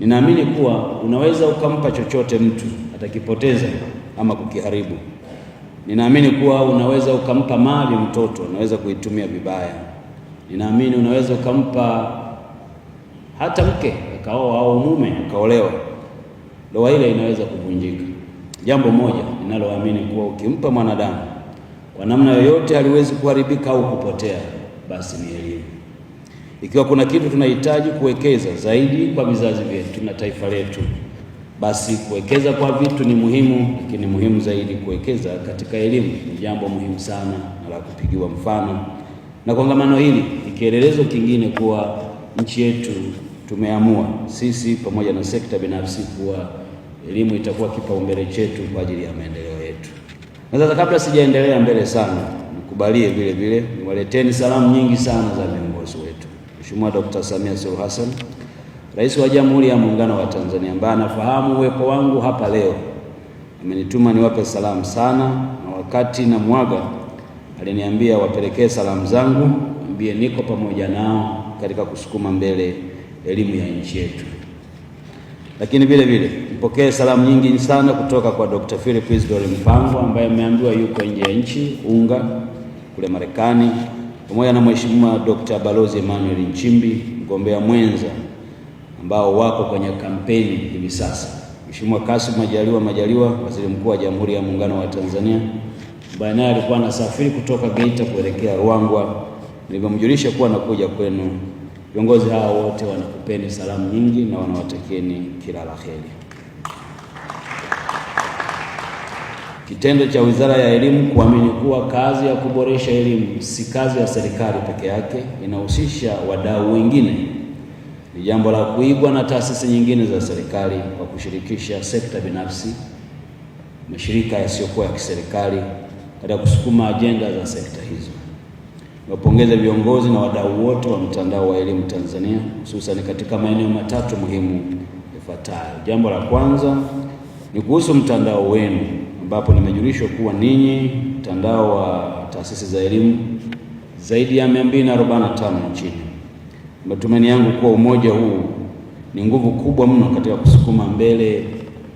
Ninaamini kuwa unaweza ukampa chochote mtu atakipoteza ama kukiharibu. Ninaamini kuwa unaweza ukampa mali mtoto, unaweza kuitumia vibaya. Ninaamini unaweza ukampa hata mke akaoa au mume akaolewa, ndoa ile inaweza kuvunjika. Jambo moja ninaloamini kuwa ukimpa mwanadamu kwa namna yoyote haliwezi kuharibika au kupotea, basi ni elimu. Ikiwa kuna kitu tunahitaji kuwekeza zaidi kwa vizazi vyetu na taifa letu, basi kuwekeza kwa vitu ni muhimu, lakini muhimu zaidi kuwekeza katika elimu ni jambo muhimu sana na la kupigiwa mfano, na kongamano hili ni kielelezo kingine kuwa nchi yetu tumeamua sisi pamoja na sekta binafsi kuwa elimu itakuwa kipaumbele chetu kwa ajili ya maendeleo yetu. Na sasa, kabla sijaendelea mbele sana, nikubalie vile vile niwaleteni salamu nyingi sana za viongozi wetu. Mheshimiwa Dkt. Samia Suluhu Hassan, Rais wa Jamhuri ya Muungano wa Tanzania, ambaye anafahamu uwepo wangu hapa leo, amenituma niwape salamu sana, na wakati na mwaga aliniambia wapelekee salamu zangu, ambie niko pamoja nao katika kusukuma mbele elimu ya nchi yetu. Lakini vile vile mpokee salamu nyingi sana kutoka kwa Dr. Philip Isdor Mpango ambaye ameambiwa yuko nje ya nchi unga kule Marekani pamoja na Mheshimiwa Dr. Balozi Emmanuel Nchimbi mgombea mwenza ambao wako kwenye kampeni hivi sasa, Mheshimiwa Kassim Majaliwa Majaliwa, Waziri Mkuu wa Jamhuri ya Muungano wa Tanzania, ambaye naye alikuwa anasafiri kutoka Geita kuelekea Ruangwa. Nilivyomjulisha kuwa nakuja kwenu, viongozi hawa wote wanakupeni salamu nyingi na wanawatakieni kila la heri. Kitendo cha Wizara ya Elimu kuamini kuwa kazi ya kuboresha elimu si kazi ya serikali peke yake, inahusisha wadau wengine, ni jambo la kuigwa na taasisi nyingine za serikali kwa kushirikisha sekta binafsi, mashirika yasiyokuwa ya kiserikali katika kusukuma ajenda za sekta hizo. Niwapongeze viongozi na wadau wote wa mtandao wa elimu Tanzania, hususan katika maeneo matatu muhimu ifuatayo. Jambo la kwanza ni kuhusu mtandao wenu ambapo nimejulishwa kuwa ninyi mtandao wa taasisi za elimu zaidi ya 245 nchini. Matumaini yangu kuwa umoja huu ni nguvu kubwa mno katika kusukuma mbele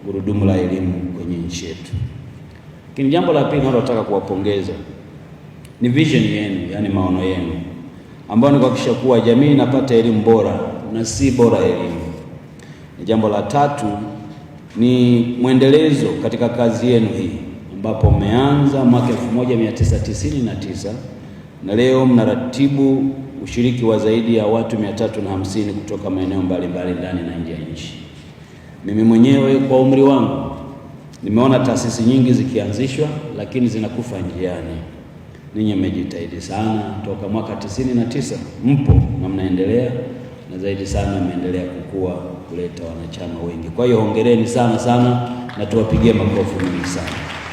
gurudumu la elimu kwenye nchi yetu. Lakini jambo la pili nalotaka kuwapongeza ni vision yenu, yaani maono yenu ambayo ni kuhakikisha kuwa jamii inapata elimu bora na si bora elimu. Ni jambo la tatu ni mwendelezo katika kazi yenu hii ambapo mmeanza mwaka 1999 na leo mnaratibu ushiriki wa zaidi ya watu 350 kutoka maeneo mbalimbali ndani na nje ya nchi. Mimi mwenyewe kwa umri wangu nimeona taasisi nyingi zikianzishwa, lakini zinakufa njiani. Ninyi mmejitahidi sana toka mwaka 99 mpo na mnaendelea na zaidi sana imeendelea kukua kuleta wanachama wengi. Kwa hiyo hongereni sana sana na tuwapigie makofi mengi sana.